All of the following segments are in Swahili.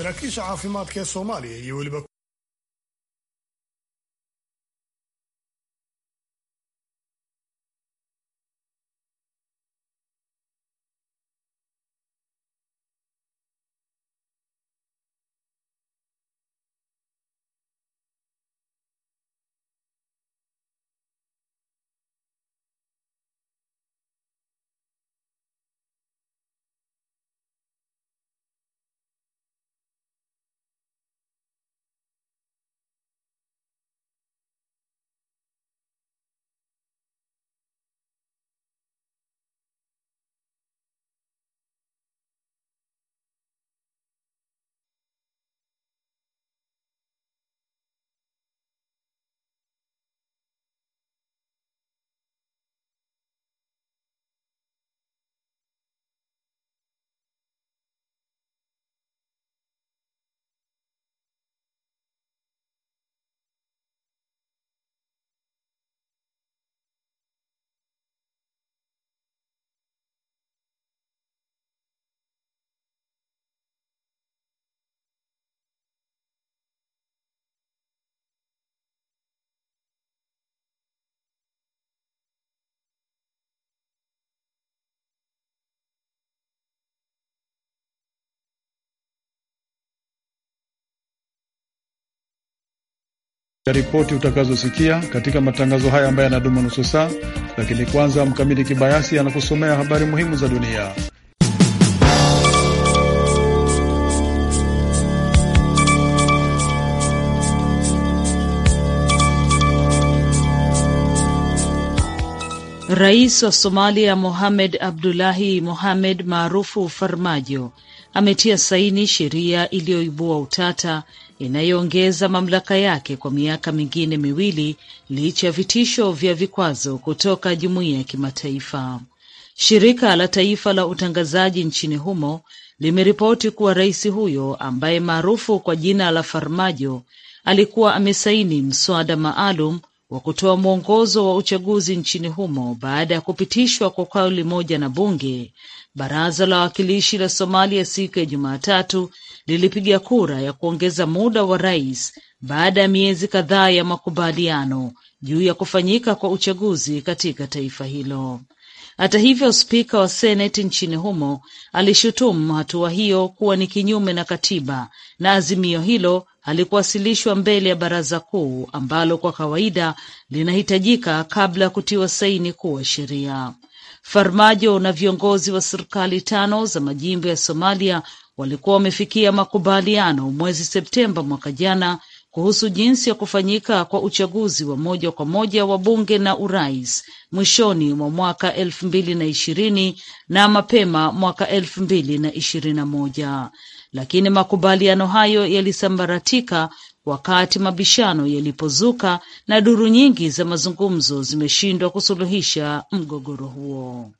saraakiisha caafimaadka ee soomaaliya iyo weliba ripoti utakazosikia katika matangazo haya ambayo yanadumu nusu saa, lakini kwanza, Mkamiti Kibayasi anakusomea habari muhimu za dunia. Rais wa Somalia Mohamed Abdullahi Mohamed maarufu Farmajo ametia saini sheria iliyoibua utata inayoongeza mamlaka yake kwa miaka mingine miwili licha ya vitisho vya vikwazo kutoka jumuiya ya kimataifa. Shirika la taifa la utangazaji nchini humo limeripoti kuwa rais huyo ambaye maarufu kwa jina la Farmajo alikuwa amesaini mswada maalum wa kutoa mwongozo wa uchaguzi nchini humo baada ya kupitishwa kwa kauli moja na bunge. Baraza la wawakilishi la Somalia siku ya Jumatatu lilipiga kura ya kuongeza muda wa rais baada ya miezi kadhaa ya makubaliano juu ya kufanyika kwa uchaguzi katika taifa hilo. Hata hivyo, spika wa seneti nchini humo alishutumu hatua hiyo kuwa ni kinyume na katiba, na azimio hilo halikuwasilishwa mbele ya baraza kuu ambalo kwa kawaida linahitajika kabla ya kutiwa saini kuwa sheria. Farmajo na viongozi wa serikali tano za majimbo ya Somalia walikuwa wamefikia makubaliano mwezi Septemba mwaka jana kuhusu jinsi ya kufanyika kwa uchaguzi wa moja kwa moja wa bunge na urais mwishoni mwa mwaka elfu mbili na ishirini na mapema mwaka elfu mbili na ishirini na moja lakini makubaliano hayo yalisambaratika wakati mabishano yalipozuka na duru nyingi za mazungumzo zimeshindwa kusuluhisha mgogoro huo.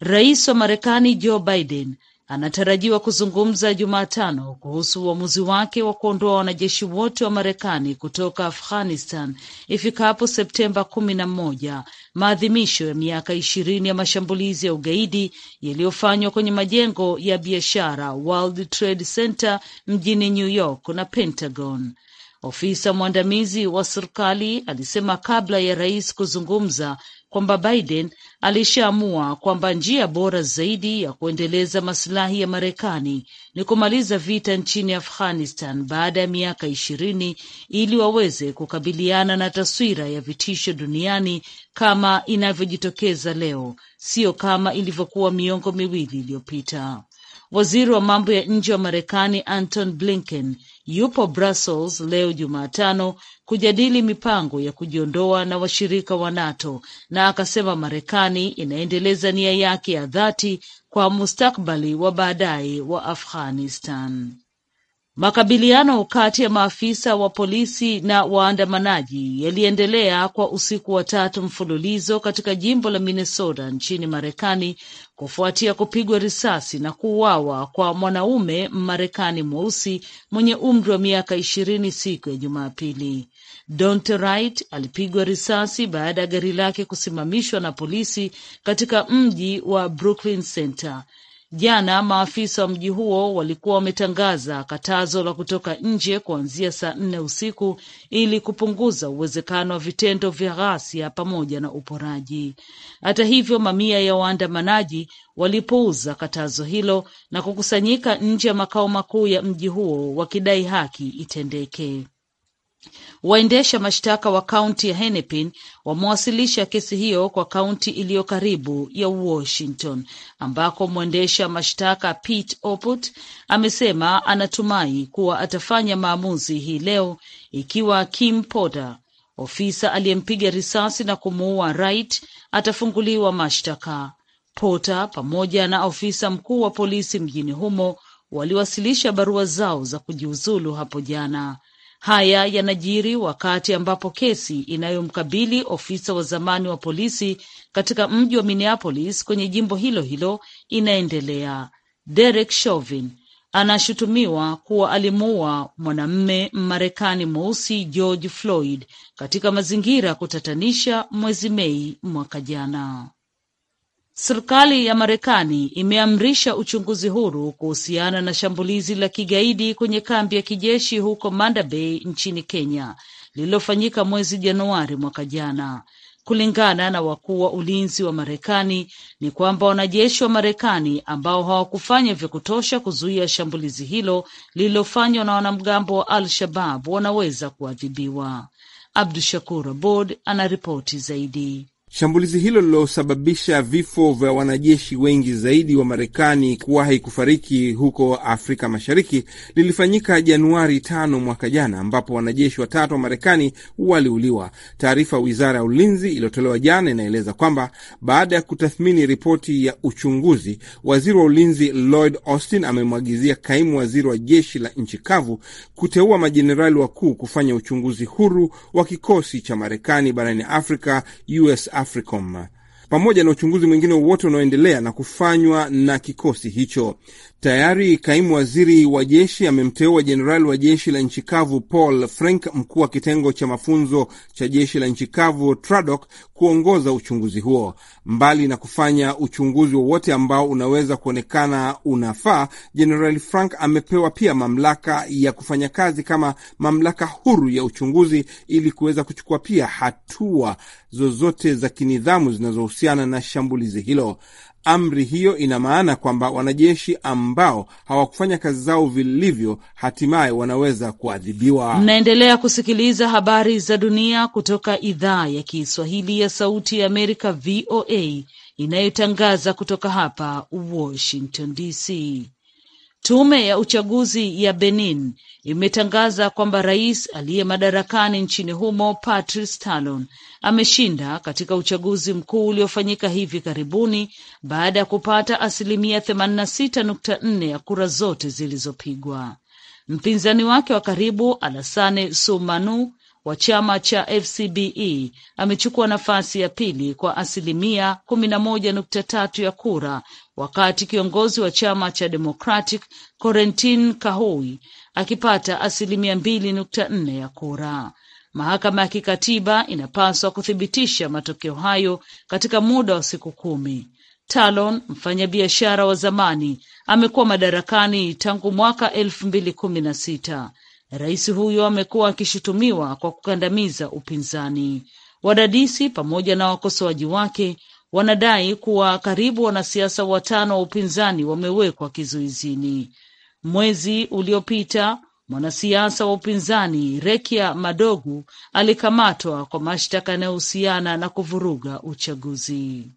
Rais wa Marekani Joe Biden anatarajiwa kuzungumza Jumatano kuhusu uamuzi wake wa kuondoa wanajeshi wote wa Marekani kutoka Afghanistan ifikapo Septemba kumi na moja, maadhimisho ya miaka ishirini ya mashambulizi ya ugaidi yaliyofanywa kwenye majengo ya biashara World Trade Center mjini New York na Pentagon. Ofisa mwandamizi wa serikali alisema kabla ya rais kuzungumza kwamba Biden alishaamua kwamba njia bora zaidi ya kuendeleza masilahi ya Marekani ni kumaliza vita nchini Afghanistan baada ya miaka ishirini ili waweze kukabiliana na taswira ya vitisho duniani kama inavyojitokeza leo, siyo kama ilivyokuwa miongo miwili iliyopita. Waziri wa mambo ya nje wa Marekani Anton Blinken yupo Brussels leo Jumatano kujadili mipango ya kujiondoa na washirika wa NATO na akasema Marekani inaendeleza nia yake ya dhati kwa mustakbali wa baadaye wa Afghanistan. Makabiliano kati ya maafisa wa polisi na waandamanaji yaliendelea kwa usiku wa tatu mfululizo katika jimbo la Minnesota nchini Marekani kufuatia kupigwa risasi na kuuawa kwa mwanaume Mmarekani mweusi mwenye umri wa miaka ishirini siku ya Jumapili. Donte Wright alipigwa risasi baada ya gari lake kusimamishwa na polisi katika mji wa Brooklyn Center Jana maafisa wa mji huo walikuwa wametangaza katazo la kutoka nje kuanzia saa nne usiku ili kupunguza uwezekano wa vitendo vya ghasia pamoja na uporaji. Hata hivyo, mamia ya waandamanaji walipuuza katazo hilo na kukusanyika nje ya makao makuu ya mji huo wakidai haki itendeke. Waendesha mashtaka wa kaunti ya Hennepin wamewasilisha kesi hiyo kwa kaunti iliyo karibu ya Washington, ambako mwendesha mashtaka Pete Oput amesema anatumai kuwa atafanya maamuzi hii leo ikiwa Kim Potter, ofisa aliyempiga risasi na kumuua Wright, atafunguliwa mashtaka. Potter pamoja na ofisa mkuu wa polisi mjini humo waliwasilisha barua zao za kujiuzulu hapo jana. Haya yanajiri wakati ambapo kesi inayomkabili ofisa wa zamani wa polisi katika mji wa Minneapolis kwenye jimbo hilo hilo inaendelea. Derek Chauvin anashutumiwa kuwa alimuua mwanamme Mmarekani mweusi George Floyd katika mazingira ya kutatanisha mwezi Mei mwaka jana. Serikali ya Marekani imeamrisha uchunguzi huru kuhusiana na shambulizi la kigaidi kwenye kambi ya kijeshi huko Mandabey nchini Kenya lililofanyika mwezi Januari mwaka jana. Kulingana na wakuu wa ulinzi wa Marekani ni kwamba wanajeshi wa Marekani ambao hawakufanya vya kutosha kuzuia shambulizi hilo lililofanywa na wanamgambo wa Al Shabab wanaweza kuadhibiwa. Abdu Shakur Abod anaripoti zaidi. Shambulizi hilo lilosababisha vifo vya wanajeshi wengi zaidi wa Marekani kuwahi kufariki huko Afrika Mashariki lilifanyika Januari tano mwaka jana, ambapo wanajeshi watatu wa Marekani waliuliwa. Taarifa ya wizara ya ulinzi iliyotolewa jana inaeleza kwamba baada ya kutathmini ripoti ya uchunguzi, waziri wa ulinzi Lloyd Austin amemwagizia kaimu waziri wa jeshi la nchi kavu kuteua majenerali wakuu kufanya uchunguzi huru wa kikosi cha Marekani barani Afrika US AFRICOM pamoja na uchunguzi mwingine wowote unaoendelea na kufanywa na kikosi hicho. Tayari kaimu waziri wa jeshi amemteua jenerali wa jeshi la nchi kavu Paul Frank, mkuu wa kitengo cha mafunzo cha jeshi la nchi kavu TRADOC, kuongoza uchunguzi huo. Mbali na kufanya uchunguzi wowote ambao unaweza kuonekana unafaa, jenerali Frank amepewa pia mamlaka ya kufanya kazi kama mamlaka huru ya uchunguzi ili kuweza kuchukua pia hatua zozote za kinidhamu zinazohusiana na shambulizi hilo. Amri hiyo ina maana kwamba wanajeshi ambao hawakufanya kazi zao vilivyo hatimaye wanaweza kuadhibiwa. Mnaendelea kusikiliza habari za dunia kutoka idhaa ya Kiswahili ya Sauti ya Amerika, VOA, inayotangaza kutoka hapa Washington DC. Tume ya uchaguzi ya Benin imetangaza kwamba rais aliye madarakani nchini humo Patrice Talon ameshinda katika uchaguzi mkuu uliofanyika hivi karibuni baada ya kupata asilimia 86.4 ya kura zote zilizopigwa. Mpinzani wake wa karibu Alassane Sumanu wa chama cha FCBE amechukua nafasi ya pili kwa asilimia 11.3 moja ya kura wakati kiongozi wa chama cha Democratic Corentin Kahoi akipata asilimia mbili nukta nne ya kura. Mahakama ya kikatiba inapaswa kuthibitisha matokeo hayo katika muda wa siku kumi. Talon, mfanyabiashara wa zamani, amekuwa madarakani tangu mwaka elfu mbili kumi na sita. Rais huyo amekuwa akishutumiwa kwa kukandamiza upinzani. Wadadisi pamoja na wakosoaji wake wanadai kuwa karibu wanasiasa watano wa upinzani wamewekwa kizuizini. Mwezi uliopita mwanasiasa wa upinzani Rekia Madogu alikamatwa kwa mashtaka yanayohusiana na kuvuruga uchaguzi.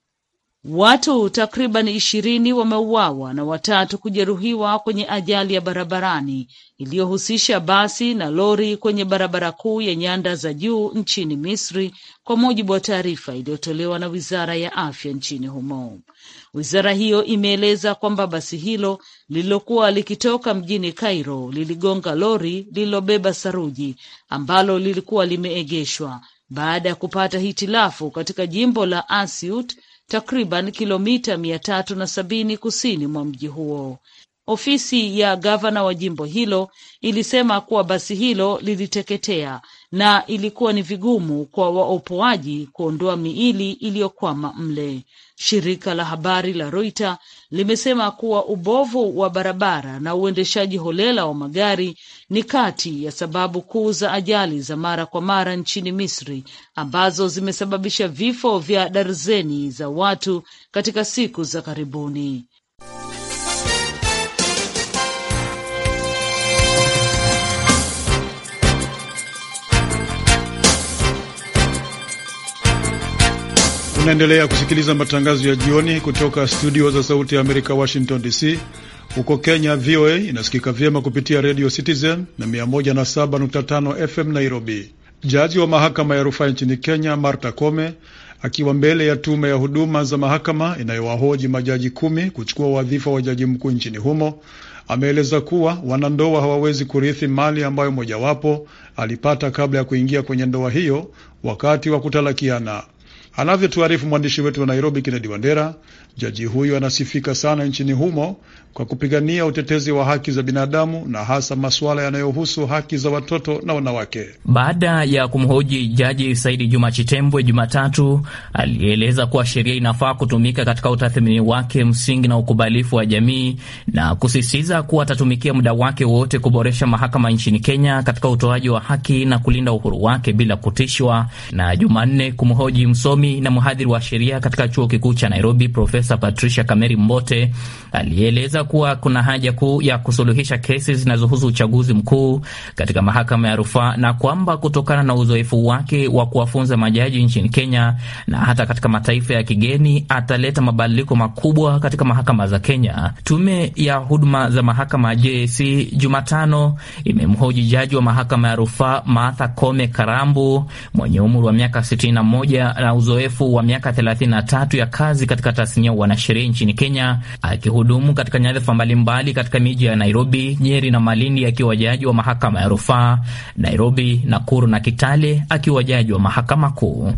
Watu takriban ishirini wameuawa na watatu kujeruhiwa kwenye ajali ya barabarani iliyohusisha basi na lori kwenye barabara kuu ya nyanda za juu nchini Misri, kwa mujibu wa taarifa iliyotolewa na wizara ya afya nchini humo. Wizara hiyo imeeleza kwamba basi hilo lililokuwa likitoka mjini Cairo liligonga lori lililobeba saruji ambalo lilikuwa limeegeshwa baada ya kupata hitilafu katika jimbo la Asyut takriban kilomita mia tatu na sabini kusini mwa mji huo Ofisi ya gavana wa jimbo hilo ilisema kuwa basi hilo liliteketea na ilikuwa ni vigumu kwa waopoaji kuondoa miili iliyokwama mle. Shirika la habari la Reuters limesema kuwa ubovu wa barabara na uendeshaji holela wa magari ni kati ya sababu kuu za ajali za mara kwa mara nchini Misri ambazo zimesababisha vifo vya darzeni za watu katika siku za karibuni. Unaendelea kusikiliza matangazo ya jioni kutoka studio za Sauti ya Amerika, Washington DC. Huko Kenya, VOA inasikika vyema kupitia Radio Citizen na 107.5 FM Nairobi. Jaji wa mahakama ya rufaa nchini Kenya Martha Koome akiwa mbele ya tume ya huduma za mahakama inayowahoji majaji kumi kuchukua wadhifa wa jaji mkuu nchini humo ameeleza kuwa wanandoa hawawezi kurithi mali ambayo mojawapo alipata kabla ya kuingia kwenye ndoa hiyo wakati wa kutalakiana anavyotuarifu mwandishi wetu wa Nairobi, Kennedy Wandera. Jaji huyo anasifika sana nchini humo kwa kupigania utetezi wa haki za binadamu na hasa masuala yanayohusu haki za watoto na wanawake. Baada ya kumhoji Jaji Saidi Juma Chitembwe Jumatatu, alieleza kuwa sheria inafaa kutumika katika utathmini wake msingi na ukubalifu wa jamii na kusisitiza kuwa atatumikia muda wake wote kuboresha mahakama nchini Kenya katika utoaji wa haki na kulinda uhuru wake bila kutishwa. Na Jumanne kumhoji msomi na mhadhiri wa sheria katika chuo kikuu cha Nairobi Prof. Profesa Patricia Kameri Mbote alieleza kuwa kuna haja kuu ya kusuluhisha kesi zinazohusu uchaguzi mkuu katika mahakama ya rufaa na kwamba kutokana na uzoefu wake wa kuwafunza majaji nchini Kenya na hata katika mataifa ya kigeni ataleta mabadiliko makubwa katika mahakama za Kenya. Tume ya huduma za mahakama JSC Jumatano imemhoji jaji wa mahakama ya rufaa Martha Kome Karambu mwenye umri wa miaka 61 na uzoefu wa miaka 33 ya kazi katika tasnia kufanya uanasheria nchini Kenya, akihudumu katika nyadhifa mbalimbali katika miji ya Nairobi, Nyeri na Malindi, akiwa jaji wa mahakama ya rufaa Nairobi, Nakuru na Kitale, akiwa jaji wa mahakama kuu.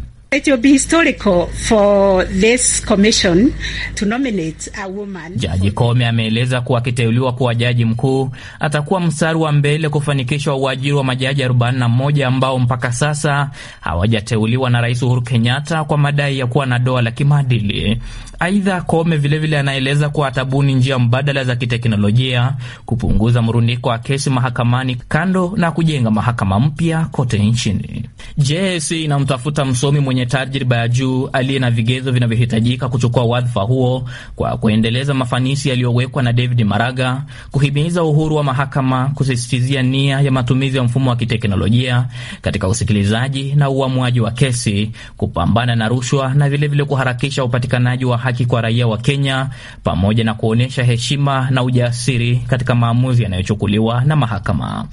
Jaji Kome ameeleza kuwa akiteuliwa kuwa jaji mkuu atakuwa mstari wa mbele kufanikisha uajiri wa majaji 41 ambao mpaka sasa hawajateuliwa na Rais Uhuru Kenyatta kwa madai ya kuwa na doa la kimaadili. Aidha, Kome vilevile anaeleza kuwa atabuni njia mbadala za kiteknolojia kupunguza mrundiko wa kesi mahakamani, kando na kujenga mahakama mpya kote nchini. JSC inamtafuta msomi mwenye tajriba ya juu aliye na vigezo vinavyohitajika kuchukua wadhifa huo kwa kuendeleza mafanisi yaliyowekwa na David Maraga, kuhimiza uhuru wa mahakama, kusisitizia nia ya matumizi ya mfumo wa kiteknolojia katika usikilizaji na uamuaji wa kesi, kupambana na rushwa na vilevile kuharakisha upatikanaji wa haki kwa raia wa Kenya pamoja na kuonyesha heshima na ujasiri katika maamuzi yanayochukuliwa na mahakama.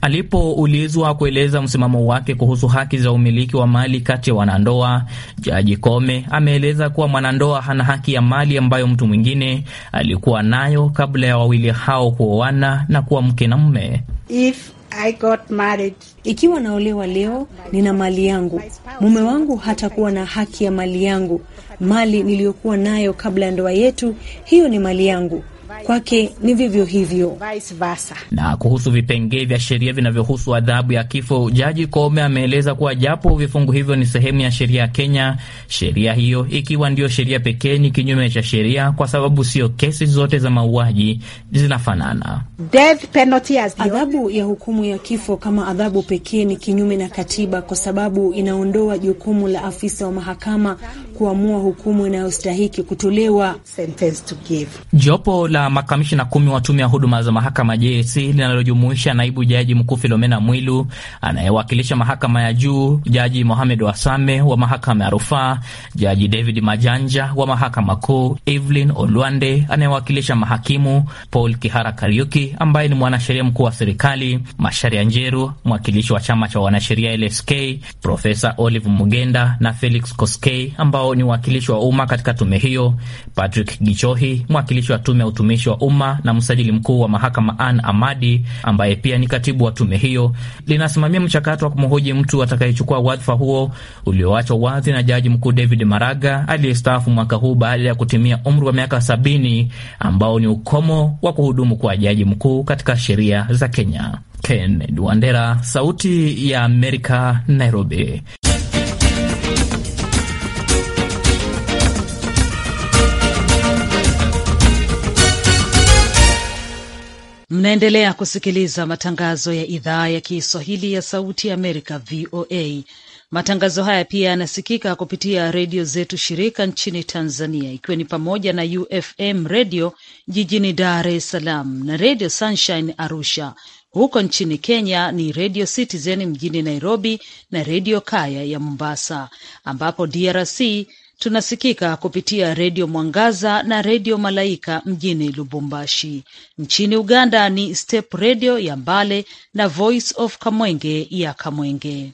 Alipoulizwa kueleza msimamo wake kuhusu haki za umiliki wa mali kati ya wanandoa, Jaji Kome ameeleza kuwa mwanandoa hana haki ya mali ambayo mtu mwingine alikuwa nayo kabla ya wawili hao kuoana na kuwa mke na mume. If I got married. Ikiwa naolewa leo, nina mali yangu. Mume wangu hatakuwa na haki ya mali yangu mali niliyokuwa nayo kabla ya ndoa yetu, hiyo ni mali yangu kwake ni vivyo hivyo. Na kuhusu vipengee vya sheria vinavyohusu adhabu ya kifo, Jaji Koome ameeleza kuwa japo vifungu hivyo ni sehemu ya sheria ya Kenya, sheria hiyo ikiwa ndiyo sheria pekee ni kinyume cha sheria, kwa sababu sio kesi zote za mauaji zinafanana. Adhabu ya hukumu ya kifo kama adhabu pekee ni kinyume na katiba, kwa sababu inaondoa jukumu la afisa wa mahakama kuamua hukumu inayostahiki kutolewa. Jopo la makamishina kumi wa tume ya huduma za mahakama JSC linalojumuisha naibu jaji mkuu Filomena Mwilu anayewakilisha mahakama ya juu, jaji Mohamed Wasame wa mahakama ya rufaa, jaji David Majanja wa mahakama kuu, Evelyn Olwande anayewakilisha mahakimu, Paul Kihara Kariuki ambaye ni mwanasheria mkuu wa serikali, Masharia Njeru mwakilishi wa chama cha wanasheria LSK, Profesa Olive Mugenda na Felix Koskei ambao ni wakilishi wa umma katika tume hiyo, Patrick Gichohi mwakilishi wa tume ya utumishi mtumishi wa umma na msajili mkuu wa mahakama Ann Amadi, ambaye pia ni katibu wa tume hiyo, linasimamia mchakato wa kumhoji mtu atakayechukua wadhifa huo ulioachwa wazi na jaji mkuu David Maraga aliyestaafu mwaka huu baada ya kutimia umri wa miaka sabini ambao ni ukomo wa kuhudumu kwa jaji mkuu katika sheria za Kenya. Kennedy Wandera, Sauti ya Amerika, Nairobi. Mnaendelea kusikiliza matangazo ya idhaa ya Kiswahili ya Sauti ya Amerika, VOA. Matangazo haya pia yanasikika kupitia redio zetu shirika nchini Tanzania, ikiwa ni pamoja na UFM redio jijini Dar es Salaam na redio Sunshine Arusha. Huko nchini Kenya ni redio Citizen mjini Nairobi na redio Kaya ya Mombasa, ambapo DRC Tunasikika kupitia Redio Mwangaza na Redio Malaika mjini Lubumbashi. Nchini Uganda ni Step Redio ya Mbale na Voice of Kamwenge ya Kamwenge.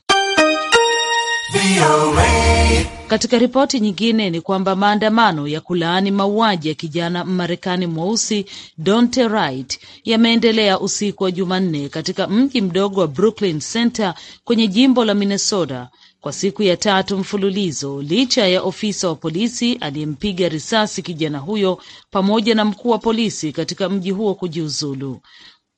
Katika ripoti nyingine ni kwamba maandamano ya kulaani mauaji ya kijana Mmarekani mweusi Donte Wright yameendelea usiku wa Jumanne katika mji mdogo wa Brooklyn Center kwenye jimbo la Minnesota kwa siku ya tatu mfululizo licha ya ofisa wa polisi aliyempiga risasi kijana huyo pamoja na mkuu wa polisi katika mji huo kujiuzulu.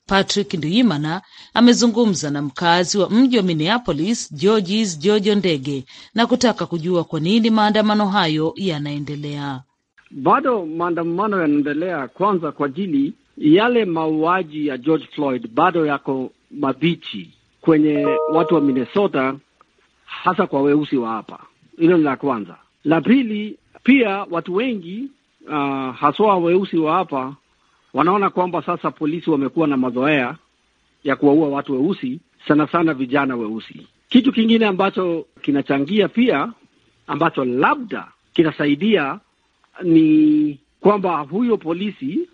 Patrick nduimana amezungumza na mkazi wa mji wa Minneapolis, Georges Jojo Ndege, na kutaka kujua kwa nini maandamano hayo yanaendelea. Bado maandamano yanaendelea, kwanza kwa ajili yale mauaji ya George Floyd bado yako mabichi kwenye watu wa Minnesota hasa kwa weusi wa hapa. Hilo ni la kwanza. La pili, pia watu wengi uh, haswa weusi wa hapa wanaona kwamba sasa polisi wamekuwa na mazoea ya kuwaua watu weusi, sana sana vijana weusi. Kitu kingine ambacho kinachangia pia, ambacho labda kinasaidia ni kwamba huyo polisi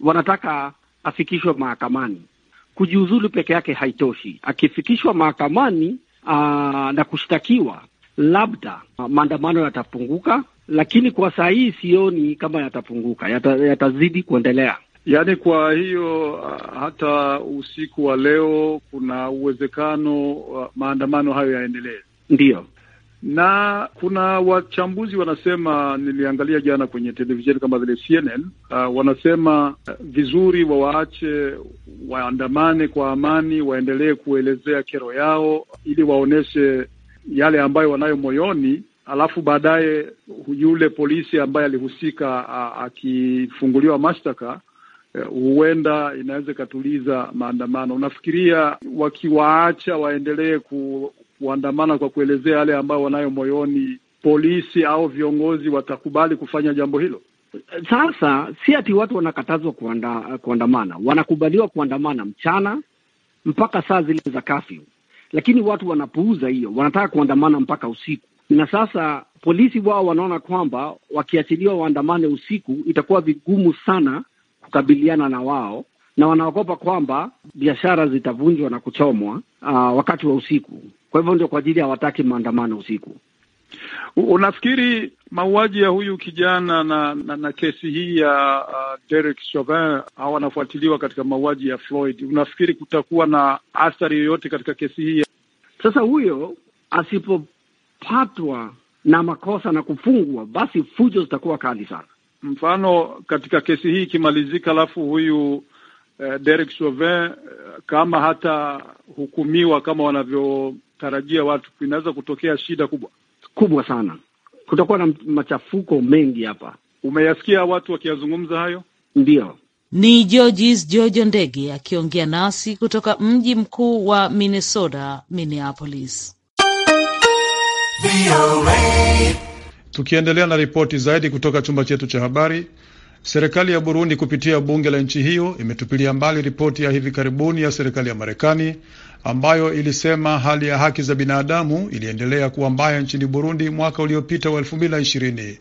wanataka afikishwe mahakamani. Kujiuzulu peke yake haitoshi. Akifikishwa mahakamani, Ah, na kushtakiwa, labda maandamano yatapunguka, lakini kwa saa hii sioni kama yatapunguka, yatazidi yata kuendelea. Yaani, kwa hiyo ah, hata usiku wa leo kuna uwezekano ah, maandamano hayo yaendelee? Ndiyo na kuna wachambuzi wanasema, niliangalia jana kwenye televisheni kama vile CNN, uh, wanasema uh, vizuri wawaache waandamane kwa amani, waendelee kuelezea kero yao ili waoneshe yale ambayo wanayo moyoni, alafu baadaye yule polisi ambaye alihusika akifunguliwa mashtaka uh, huenda inaweza ikatuliza maandamano. Unafikiria wakiwaacha waendelee ku, kuandamana kwa kuelezea yale ambayo wanayo moyoni, polisi au viongozi watakubali kufanya jambo hilo? Sasa si ati watu wanakatazwa kuanda, kuandamana. Wanakubaliwa kuandamana mchana mpaka saa zile za kafyu, lakini watu wanapuuza hiyo, wanataka kuandamana mpaka usiku. Na sasa polisi wao wanaona kwamba wakiachiliwa waandamane usiku itakuwa vigumu sana kukabiliana na wao, na wanaogopa kwamba biashara zitavunjwa na kuchomwa uh, wakati wa usiku. Kwa hivyo ndio kwa ajili hawataki maandamano usiku. Unafikiri mauaji ya huyu kijana na, na, na kesi hii ya uh, Derek Chauvin au anafuatiliwa katika mauaji ya Floyd, unafikiri kutakuwa na athari yoyote katika kesi hii? Sasa huyo asipopatwa na makosa na kufungwa, basi fujo zitakuwa kali sana. Mfano katika kesi hii ikimalizika, alafu huyu uh, Derek Chauvin uh, kama hata hukumiwa kama wanavyo tarajia watu, inaweza kutokea shida kubwa kubwa sana. Kutakuwa na machafuko mengi hapa. Umeyasikia watu wakiyazungumza hayo? Ndio. Ni Georges George Ndege akiongea nasi kutoka mji mkuu wa Minnesota, Minneapolis. Tukiendelea na ripoti zaidi kutoka chumba chetu cha habari, Serikali ya Burundi kupitia bunge la nchi hiyo imetupilia mbali ripoti ya hivi karibuni ya serikali ya Marekani ambayo ilisema hali ya haki za binadamu iliendelea kuwa mbaya nchini Burundi mwaka uliopita wa 2020.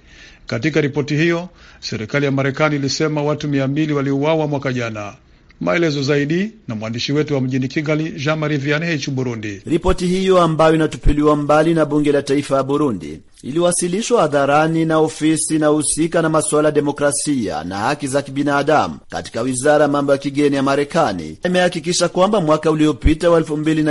Katika ripoti hiyo, serikali ya Marekani ilisema watu 20 waliuawa mwaka jana. Maelezo zaidi na mwandishi wetu wa mjini Kigali, Jean Marie Vianney Burundi. Ripoti hiyo ambayo inatupiliwa mbali na bunge la taifa ya Burundi iliwasilishwa hadharani na ofisi na husika na masuala ya demokrasia na haki za kibinadamu katika wizara ya mambo ya kigeni ya Marekani imehakikisha kwamba mwaka uliopita wa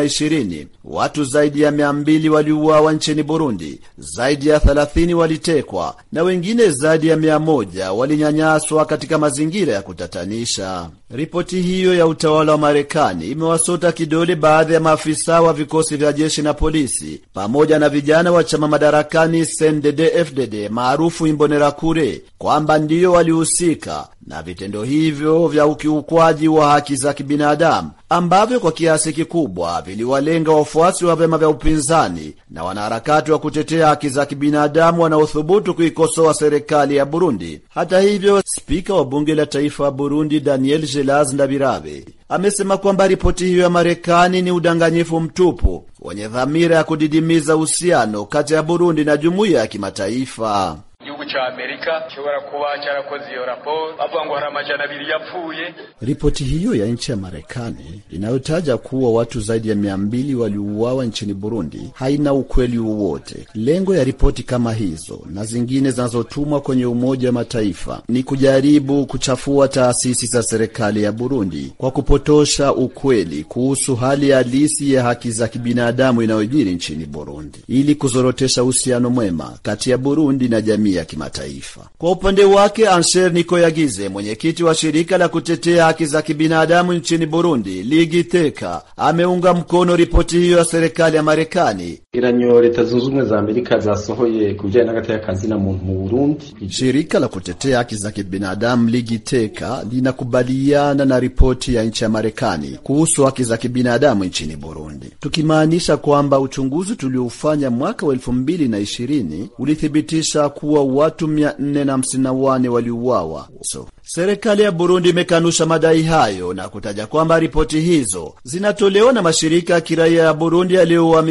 ishirini watu zaidi ya mbili waliuawa nchini Burundi, zaidi ya thelathini walitekwa na wengine zaidi ya moja walinyanyaswa katika mazingira ya kutatanisha. Ripoti hiyo ya utawala wa Marekani imewasota kidole baadhi ya maafisa wa vikosi vya jeshi na polisi pamoja na vijana wa chama madarakani cndd fdd maarufu Imbonerakure kwamba ndiyo walihusika na vitendo hivyo vya ukiukwaji wa haki za kibinadamu ambavyo kwa kiasi kikubwa viliwalenga wafuasi wa vyama vya upinzani na wanaharakati wa kutetea haki za kibinadamu wanaothubutu kuikosoa serikali ya Burundi. Hata hivyo, spika wa bunge la taifa wa Burundi Daniel Gelaz Ndabirabe amesema kwamba ripoti hiyo ya Marekani ni udanganyifu mtupu wenye dhamira ya kudidimiza uhusiano kati ya Burundi na jumuiya ya kimataifa gihugu Amerika kishobora kuba cyarakoze iyo raporo bavuga ngo hari amajana abiri yapfuye. Ripoti hiyo ya nchi ya Marekani inayotaja kuwa watu zaidi ya mia mbili waliuawa nchini Burundi haina ukweli wowote. Lengo ya ripoti kama hizo na zingine zinazotumwa kwenye Umoja wa Mataifa ni kujaribu kuchafua taasisi za serikali ya Burundi kwa kupotosha ukweli kuhusu hali halisi ya haki za kibinadamu inayojiri nchini Burundi ili kuzorotesha uhusiano mwema kati ya Burundi na jamii ya kimataifa. Kwa upande wake, Anser Nikoyagize, mwenyekiti wa shirika la kutetea haki za kibinadamu nchini Burundi, Ligi Teka, ameunga mkono ripoti hiyo ya serikali ya Marekani. Shirika la kutetea haki za kibinadamu Ligi Teka linakubaliana na ripoti ya nchi ya Marekani kuhusu haki za kibinadamu nchini Burundi, tukimaanisha kwamba uchunguzi tulioufanya mwaka wa elfu mbili na ishirini ulithibitisha kuwa watu 454 waliuawa. So, serikali ya Burundi imekanusha madai hayo na kutaja kwamba ripoti hizo zinatolewa na mashirika ya kiraia ya Burundi yaliyo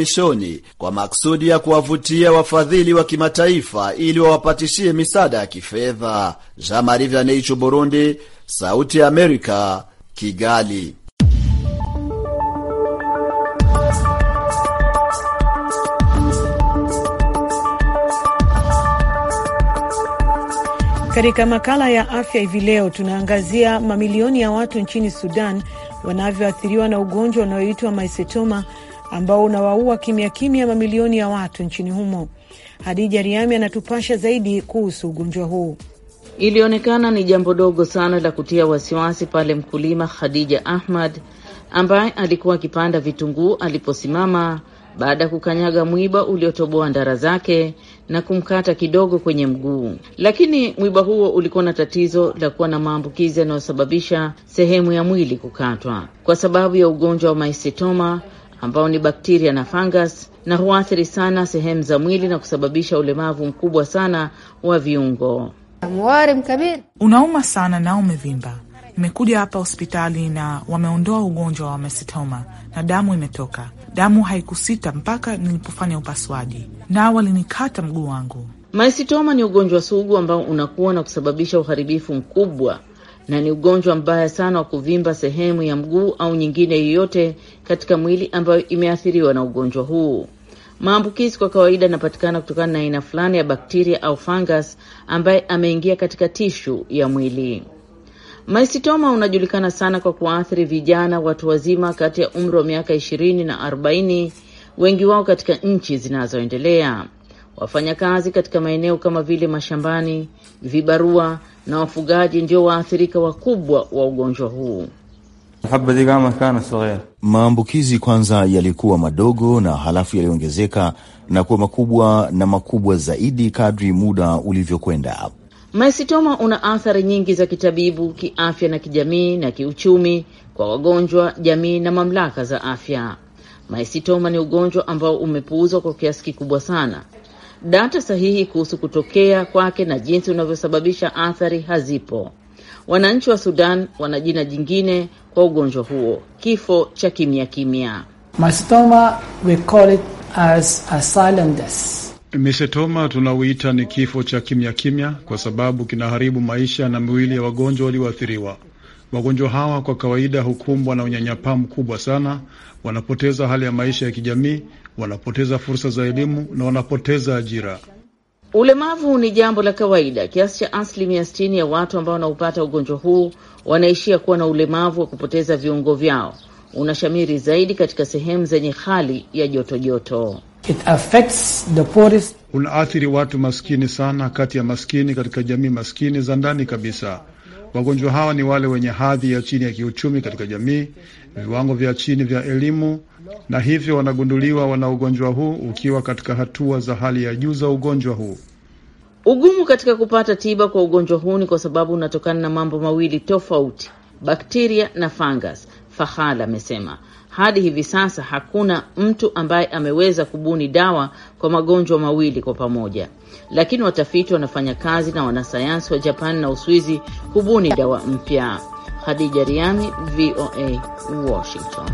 kwa maksudi ya kuwavutia wafadhili wa kimataifa ili wawapatishie misaada ya kifedha. Jean Marie Vianney Burundi, Sauti ya Amerika, Kigali. Katika makala ya afya hivi leo tunaangazia mamilioni ya watu nchini Sudan wanavyoathiriwa na ugonjwa unaoitwa maisetoma ambao unawaua kimya kimya mamilioni ya watu nchini humo. Hadija Riami anatupasha zaidi kuhusu ugonjwa huu. Ilionekana ni jambo dogo sana la kutia wasiwasi pale mkulima Khadija Ahmad ambaye alikuwa akipanda vitunguu aliposimama baada ya kukanyaga mwiba uliotoboa ndara zake na kumkata kidogo kwenye mguu, lakini mwiba huo ulikuwa na tatizo la kuwa na maambukizi yanayosababisha sehemu ya mwili kukatwa kwa sababu ya ugonjwa wa maisitoma ambao ni bakteria na fangas na huathiri sana sehemu za mwili na kusababisha ulemavu mkubwa sana wa viungo. Unauma sana na umevimba Nimekuja hapa hospitali na wameondoa ugonjwa wa mesitoma na damu imetoka. Damu haikusita mpaka nilipofanya upasuaji, na walinikata mguu wangu. Mesitoma ni ugonjwa sugu ambao unakuwa na kusababisha uharibifu mkubwa, na ni ugonjwa mbaya sana wa kuvimba sehemu ya mguu au nyingine yoyote katika mwili ambayo imeathiriwa na ugonjwa huu. Maambukizi kwa kawaida yanapatikana kutokana na aina fulani ya bakteria au fangas ambaye ameingia katika tishu ya mwili. Maisitoma unajulikana sana kwa kuwaathiri vijana watu wazima kati ya umri wa miaka ishirini na arobaini, wengi wao katika nchi zinazoendelea. Wafanyakazi katika maeneo kama vile mashambani, vibarua na wafugaji ndio waathirika wakubwa wa ugonjwa huu. Maambukizi kwanza yalikuwa madogo na halafu yaliongezeka na kuwa makubwa na makubwa zaidi kadri muda ulivyokwenda. Mesitoma una athari nyingi za kitabibu, kiafya na kijamii na kiuchumi kwa wagonjwa, jamii na mamlaka za afya. Mesitoma ni ugonjwa ambao umepuuzwa kwa kiasi kikubwa sana. Data sahihi kuhusu kutokea kwake na jinsi unavyosababisha athari hazipo. Wananchi wa Sudan wana jina jingine kwa ugonjwa huo, kifo cha kimya kimya. Mesitoma we call it as a silent death. Misetoma tunauita ni kifo cha kimya kimya, kwa sababu kinaharibu maisha na miwili ya wagonjwa walioathiriwa. Wagonjwa hawa kwa kawaida hukumbwa na unyanyapaa mkubwa sana, wanapoteza hali ya maisha ya kijamii, wanapoteza fursa za elimu na wanapoteza ajira. Ulemavu ni jambo la kawaida kiasi cha asilimia sitini ya watu ambao wanaupata ugonjwa huu wanaishia kuwa na ulemavu wa kupoteza viungo vyao. Unashamiri zaidi katika sehemu zenye hali ya jotojoto joto. It affects the poorest. Unaathiri watu maskini sana, kati ya maskini katika jamii maskini za ndani kabisa. Wagonjwa hawa ni wale wenye hadhi ya chini ya kiuchumi katika jamii, viwango vya chini vya elimu, na hivyo wanagunduliwa wana ugonjwa huu ukiwa katika hatua za hali ya juu za ugonjwa huu. Ugumu katika kupata tiba kwa ugonjwa huu ni kwa sababu unatokana na mambo mawili tofauti, bakteria na fangas Fahal amesema. Hadi hivi sasa hakuna mtu ambaye ameweza kubuni dawa kwa magonjwa mawili kwa pamoja, lakini watafiti wanafanya kazi na wanasayansi wa japani na Uswizi kubuni dawa mpya. Khadija Riami, VOA, Washington.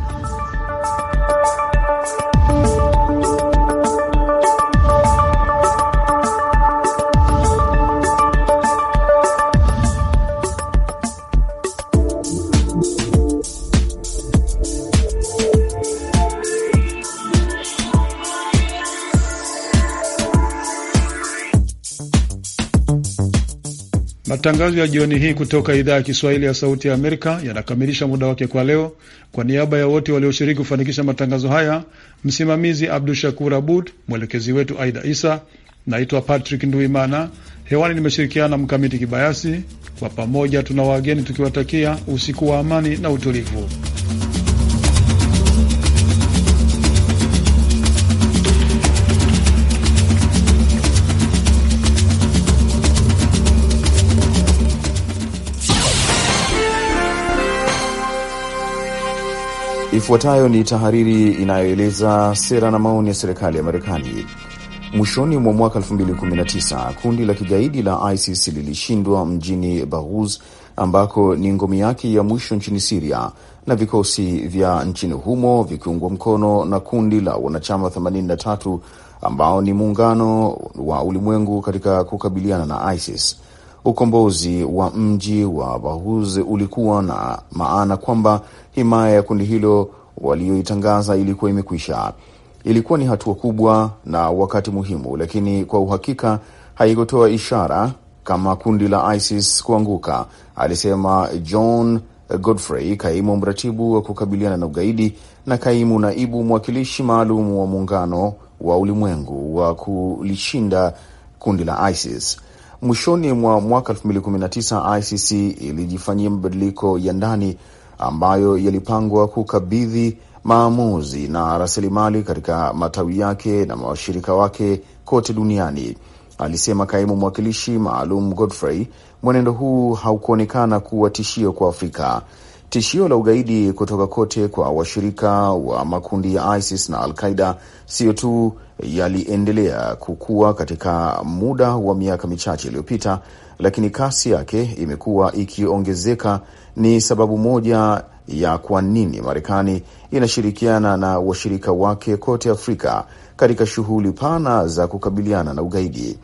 Matangazo ya jioni hii kutoka idhaa ya Kiswahili ya Sauti ya Amerika yanakamilisha muda wake kwa leo. Kwa niaba ya wote walioshiriki kufanikisha matangazo haya, msimamizi Abdu Shakur Abud, mwelekezi wetu Aida Isa. Naitwa Patrick Nduimana, hewani nimeshirikiana na Mkamiti Kibayasi. Kwa pamoja tuna wageni tukiwatakia usiku wa amani na utulivu. Ifuatayo ni tahariri inayoeleza sera na maoni ya serikali ya Marekani. Mwishoni mwa mwaka 2019 kundi la kigaidi la ISIS lilishindwa mjini Baghuz ambako ni ngome yake ya mwisho nchini Siria, na vikosi vya nchini humo vikiungwa mkono na kundi la wanachama 83 ambao ni muungano wa ulimwengu katika kukabiliana na ISIS. Ukombozi wa mji wa Bahuz ulikuwa na maana kwamba himaya ya kundi hilo walioitangaza ilikuwa imekwisha. Ilikuwa ni hatua kubwa na wakati muhimu, lakini kwa uhakika haikutoa ishara kama kundi la ISIS kuanguka, alisema John Godfrey, kaimu mratibu wa kukabiliana na ugaidi na kaimu naibu mwakilishi maalum wa Muungano wa Ulimwengu wa kulishinda kundi la ISIS. Mwishoni mwa mwaka 2019 ICC ilijifanyia mabadiliko ya ndani ambayo yalipangwa kukabidhi maamuzi na rasilimali katika matawi yake na washirika wake kote duniani, alisema kaimu mwakilishi maalum Godfrey. Mwenendo huu haukuonekana kuwa tishio kwa Afrika. Tishio la ugaidi kutoka kote kwa washirika wa makundi ya ISIS na Al-Qaida siyo tu yaliendelea kukua katika muda wa miaka michache iliyopita, lakini kasi yake imekuwa ikiongezeka. Ni sababu moja ya kwa nini Marekani inashirikiana na washirika wake kote Afrika katika shughuli pana za kukabiliana na ugaidi.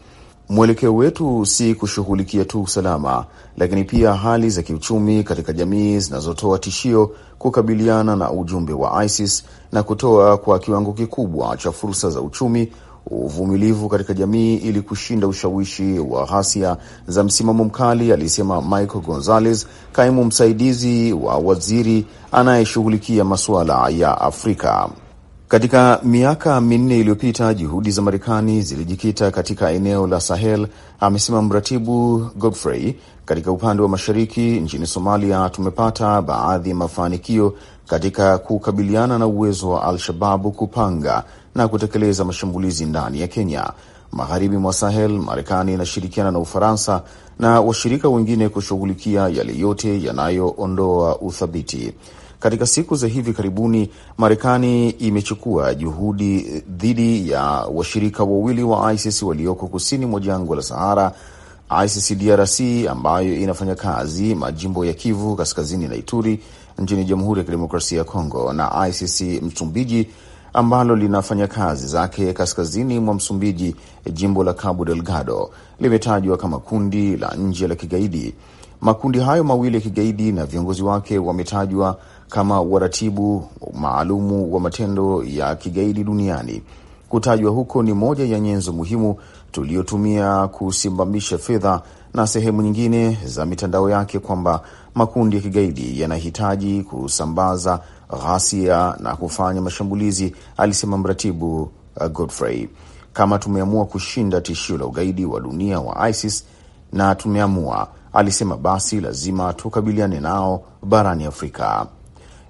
Mwelekeo wetu si kushughulikia tu usalama, lakini pia hali za kiuchumi katika jamii zinazotoa tishio, kukabiliana na ujumbe wa ISIS na kutoa kwa kiwango kikubwa cha fursa za uchumi, uvumilivu katika jamii ili kushinda ushawishi wa ghasia za msimamo mkali, alisema Michael Gonzalez, kaimu msaidizi wa waziri anayeshughulikia masuala ya Afrika. Katika miaka minne iliyopita juhudi za Marekani zilijikita katika eneo la Sahel, amesema mratibu Godfrey. Katika upande wa mashariki nchini Somalia, tumepata baadhi ya mafanikio katika kukabiliana na uwezo wa Al-Shababu kupanga na kutekeleza mashambulizi ndani ya Kenya. Magharibi mwa Sahel, Marekani inashirikiana na Ufaransa na washirika wengine kushughulikia yale yote yanayoondoa uthabiti. Katika siku za hivi karibuni, Marekani imechukua juhudi dhidi ya washirika wawili wa ISIS walioko kusini mwa jangwa la Sahara, ISIS DRC ambayo inafanya kazi majimbo ya Kivu Kaskazini na Ituri nchini Jamhuri ya Kidemokrasia ya Kongo, na ICC Msumbiji ambalo linafanya kazi zake kaskazini mwa Msumbiji, jimbo la Cabo Delgado limetajwa kama kundi la nje la kigaidi. Makundi hayo mawili ya kigaidi na viongozi wake wametajwa kama waratibu maalumu wa matendo ya kigaidi duniani. Kutajwa huko ni moja ya nyenzo muhimu tuliyotumia kusimamisha fedha na sehemu nyingine za mitandao yake, kwamba makundi ya kigaidi yanahitaji kusambaza ghasia na kufanya mashambulizi, alisema mratibu uh, Godfrey. Kama tumeamua kushinda tishio la ugaidi wa dunia wa ISIS na tumeamua, alisema, basi lazima tukabiliane nao barani Afrika.